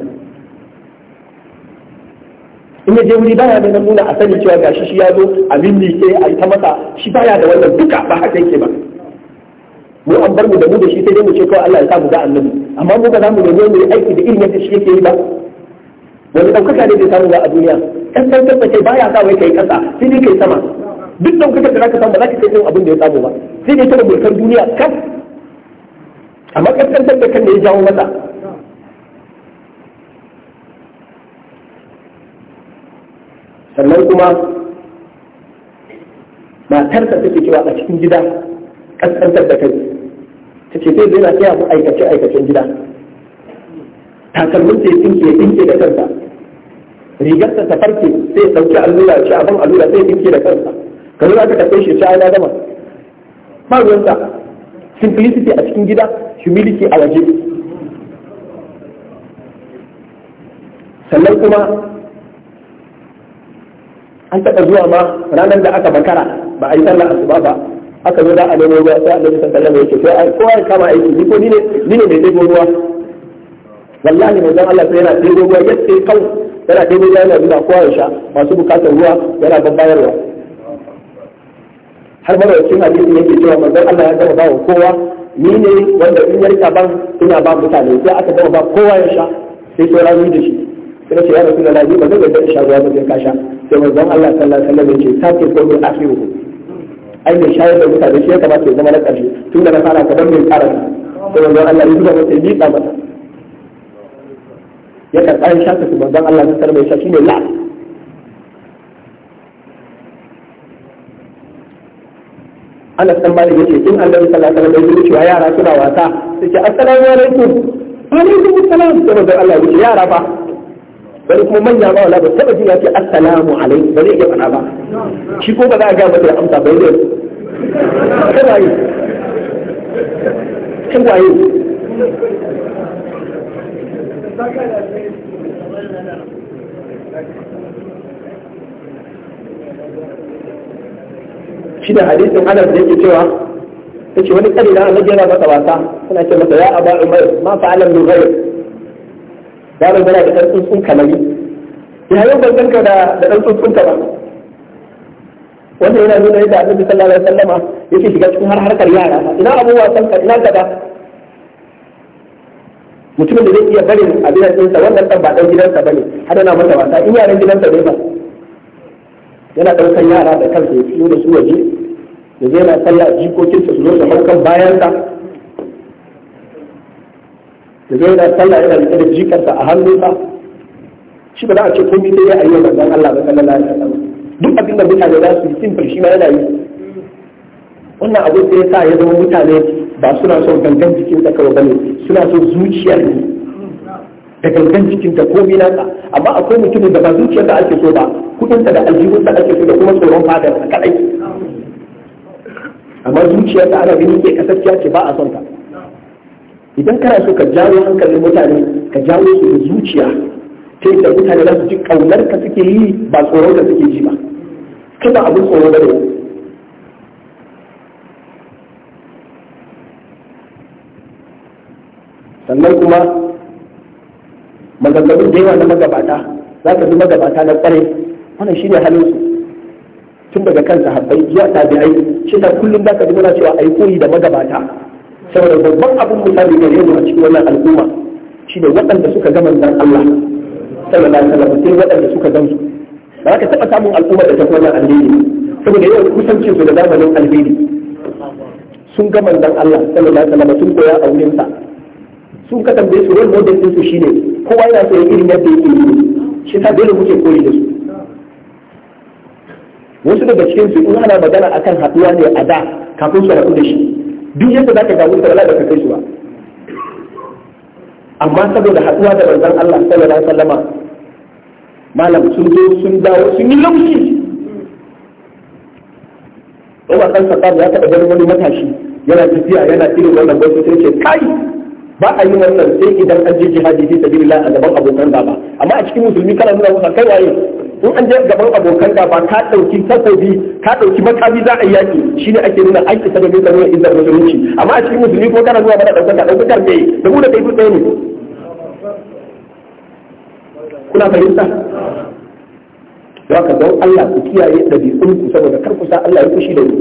in je wuri baya da nuna a sani cewa gashi shi ya zo a mimike a yi ta masa shi baya da wannan duka ba haka yake ba mu an bar mu da mu da shi sai dai mu ce kawai Allah ya sa mu ga annabi amma mu ba za mu nemi mu yi aiki da irin yadda shi yake yi ba wani ɗaukaka ne zai samu ba a duniya kasar tabbace baya sa wai kai kasa sai dai kai sama duk daukakar da zaka samu ba za ka kai irin abin da ya samu ba sai dai tara mulkar duniya kan amma kaskantar da kan da ya jawo mata. sannan kuma ta take cewa a cikin gida kaskantar da kai ta ce sai zai na mu aikace aikacen gida takalmin sai tsinke tsinke da kansa rigarsa ta farke sai ya ɗauki allura ce abin allura sai tsinke da kansa kai za ka kai shi sai ya gama ba ruwanka simplicity a cikin gida humility a waje sannan kuma an taɓa zuwa ma ranar da aka bakara ba a yi sallar asuba ba aka zo da a nemo ruwa sai annabi sallallahu alaihi wasallam yake sai kowa ya kama aiki ni ko ni ne ni ne mai ɗebo ruwa wallahi mai zan Allah sai yana ɗebo ruwa yadda kawai yana ɗebo ruwa yana zuwa kowa ya sha masu bukatar ruwa yana babbayarwa har marwacin hadisi yake cewa manzon Allah ya gama bawa kowa ni ne wanda in ya rika ban ina ba mutane sai aka gama ba kowa ya sha sai saura ni da shi sai ce ya rasu da lafi ba zai da sha ruwa ba zai kasha sai manzon Allah sallallahu alaihi wasallam ya ce ta ke komai akhiru ai mai shayar da mutane shi ya kamata ya zama na ƙarshe tun da na fara kadan mai karanta sai manzon Allah ya zuba masa ya miƙa masa ya karɓa ya sha ta su manzon Allah sallallahu alaihi wasallam ya sha shi ne la'a Anas san Malik yake in Allah sallallahu alaihi wasallam ya cewa yara suna wasa sai assalamu alaikum wa alaikum assalam sai manzon Allah ya ce yara ba bari kuma manya ba wala ba taba ji yake assalamu alaikum bari ya faɗa ba shi ko ba za a ga mata amsa ba dai kai waye kai shi da hadisin anas da yake cewa yace wani kare da annabi yana masa wasa suna ce masa ya aba umar ma fa'alan bi ghayr yaron yana da dan tsuntsun kalami ya yau ban ganka da da dan tsuntsun ka ba wanda yana nuna yadda annabi sallallahu alaihi wasallama yake shiga cikin har harkar yara ina abubuwa san ka ina gaba mutumin da zai iya barin abin da ɗinsa wannan ɗan ba ɗan gidansa ba ne har yana masa wasa in yaran gidansa ne ba yana ɗaukar yara da kansa ya fiye da su waje da zai na sallah jikokinsa su zo su hau kan bayansa da zai na sallah yana riƙe da jikarsa a hannunsa shi ba za a ce komai sai ya ayyuka don Allah ba kan alaihi ba. duk abin da mutane za su yi simple shi ma yana yi wannan abu sai ya sa ya zama mutane ba suna son gangan jikin kawai bane suna son zuciyar ne da gangan jikinta ko ta amma akwai mutumin da ba zuciyar da ake so ba kudinsa da aljihunsa ake so da kuma tsoron fadar a kadai amma zuciyar da ana gani ke kasasciya ce ba a son ta idan kana so ka jawo hankalin mutane ka jawo su da zuciya ta yadda mutane za su ji kaunar ka suke yi ba tsoron ka suke ji ba kada abin tsoro ba ne sannan kuma maganganun da yawa na magabata za ka ji magabata na kware wannan shi ne halinsu. tun daga kansa sahabbai ya tabi'ai shi ta kullum za ka ji muna cewa ai koyi da magabata saboda babban abin misali gare mu a cikin wannan al'umma Shi ne waɗanda suka ga manzon Allah sallallahu alaihi wasallam sai waɗanda suka gamsu ba za ka taɓa samun al'umma da ta kwana alheri saboda yawan kusancin su da zamanin alheri sun ga manzon Allah sallallahu alaihi wasallam sun koya a wurinsa. sun ka tambaye su role model su shine kowa yana so ya irin yadda yake yi shi ta dole muke koyi da su wasu daga cikin su in ana magana akan haɗuwa ne a da kafin su haɗu da shi duk yadda za ka gamu da da ka kai su ba amma saboda haɗuwa da manzon Allah sallallahu alaihi wasallama malam sun zo sun dawo sun yi laushi Umar ɗan Khattab ya taɓa ganin wani matashi yana tafiya yana irin wannan gwamnati sai ce kai ba a yi wannan sai idan an je jihadi fi sabilillah a gaban abokan gaba amma a cikin musulmi kana nuna musa kai waye in an je gaban abokan gaba ka dauki takobi ka dauki makami za a yaki shine ake nuna aiki sababin tsaro idan musulunci amma a cikin musulmi ko kana nuna mana daukar ka daukar kai da mu da kai duk ne kuna fahimta za ka don Allah ku kiyaye ku saboda kar ku sa Allah ya kushi da ku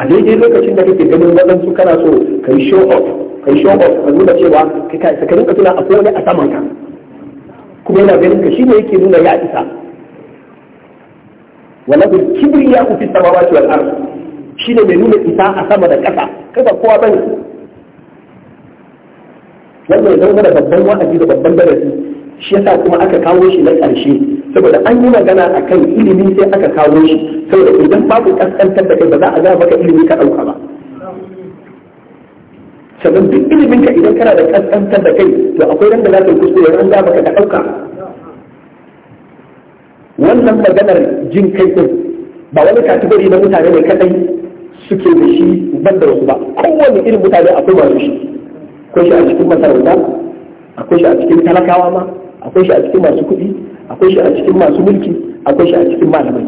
a daidai lokacin da kake ganin waɗansu kana so ka yi show off kai show off ka nuna cewa ka rinka tuna akwai wani a saman ka kuma yana ganin ka shine yake nuna ya isa wala bil kibriya fi samawati wal ard shine mai nuna isa a sama da ƙasa kai ba kowa bane wannan zan da babban wa'azi da babban darasi shi yasa kuma aka kawo shi na ƙarshe saboda an yi magana a kan ilimi sai aka kawo shi saboda idan babu kaskantar da kai ba za a gaya maka ilimi ka ɗauka ba sannan duk ilimin ka idan kana da kaskantar da kai to akwai ran da za ka kuskure ran da baka ka ɗauka. wannan maganar jin kai din ba wani katibari na mutane ne kadai suke da shi ban da wasu ba kowane irin mutane akwai masu shi akwai shi a cikin masarauta akwai shi a cikin talakawa ma akwai shi a cikin masu kuɗi akwai shi a cikin masu mulki akwai shi a cikin malamai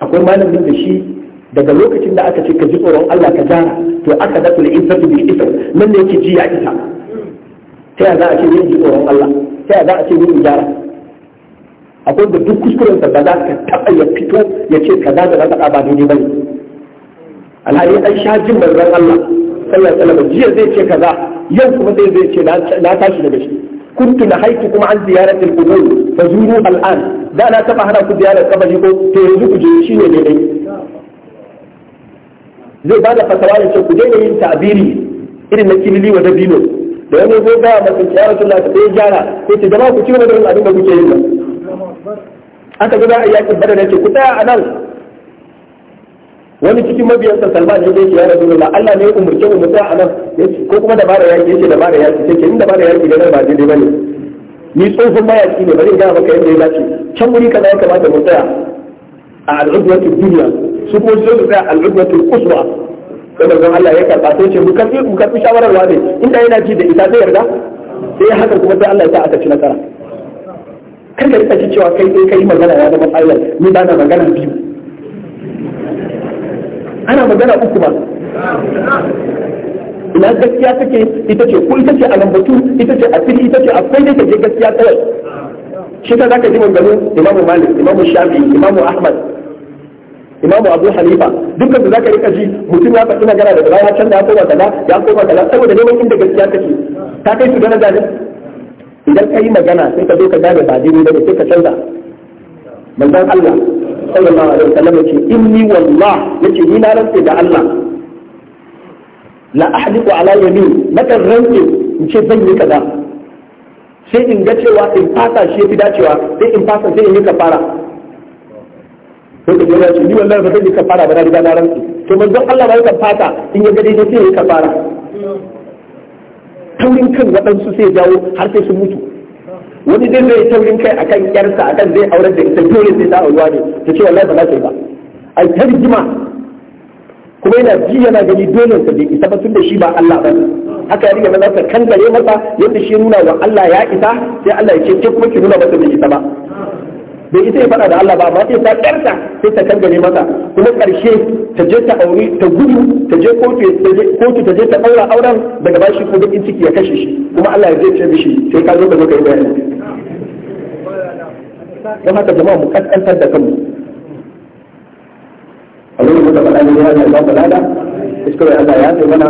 akwai malamin da shi daga lokacin da aka ce ka ji tsoron Allah ka jara, to aka da tuli izzatu bi ism nan ne yake ji ya isa ta ya za a ce ni ji tsoron Allah ta ya za a ce ni jara? akwai da duk kuskuren da ba za ka taba ya fito ya ce kaza da kaza ba daidai bane alhali an sha jin manzon Allah sallallahu alaihi wasallam jiya zai ce kaza yau kuma sai zai ce na tashi daga shi kuma an كنت نهيتكم عن زيارة القبور فزوروا الآن ده أنا تبع هنا في زيارة قبري تو shi ne daidai. zai bada fatawa ya ce ku daina yin ta'abiri irin na kilili wa dabino da wani zo ga masu ya suna ta ta gyara ko ce jama'a ku ci gaba da abin da kuke yi aka ga a yakin badar ce ku tsaya a nan wani cikin mabiyansa salman ya ce ya rasu Allah Allah ne ya umurce mu tsaya a nan ko kuma da bada yaki yake da bada yaki yace in da bada yaki da nan ba daidai bane ni tsohon mayaki ne bari in ga maka yadda ya dace can wuri kaza ya kamata mu tsaya a al'udwatul duniya su kuma su tsaya al'udwatul qusra sai manzon Allah ya karba sai ce mu karbi mu karbi shawarar wa yana ji da ita zai yarda sai haka kuma sai Allah ya sa aka ci nasara kar ka rika cewa kai kai kai magana ya zama ni magana biyu ana magana uku ba ina gaskiya take ita ce ko ita ce a lambatu ita ce a fili ita ce a kai da gaskiya kawai shi ta zaka ji manganin imamu malik imamu shafi imamu ahmad imam abu hanifa dukkan da zaka rika ji mutum ya faɗi magana da bayan can da ya koma kaza ya koma kaza saboda neman inda gaskiya take ta kai su daraja ne idan ka yi magana sai ka zo ka gane ba daidai ba sai ka canza manzon Allah sallallahu alaihi wasallam yace inni wallah yace ni na rantsa da Allah la ahliqu ala yamin nakan rantsa in ce zan yi kaza sai in ga cewa in fasa shi fi dacewa sai in fasa sai in yi kafara sai ka gina shi ni wallahi ba zan yi kafara ba na riga na rantsi to manzon Allah ba yakan fata in ya gade sai ya kafara taurin kan waɗansu sai jawo har sai sun mutu wani zai zai taurin kai akan yarsa akan zai aurar da ita dole sai ta auruwa ne ta ce wallahi ba za ta yi ba a ta rigima kuma yana ji yana gani dole sa bai isa ba tun da shi ba Allah ba haka ya riga maza ta kangare masa yadda shi nuna wa Allah ya isa sai Allah ya ce ke kuma ki nuna ba masa bai isa ba bai ita ya faɗa da Allah ba amma sai ta ƙarta sai ta kangare masa kuma ƙarshe ta je ta aure ta gudu ta je kotu ta je ta aura auren daga bashi ko bakin ciki ya kashe shi kuma Allah ya zai ce mishi sai ka zo ka zo ka yi bayani don haka jama'a mu kaskantar da kanmu a lokacin da faɗa ne ya ba balada iskar Allah ya ce mana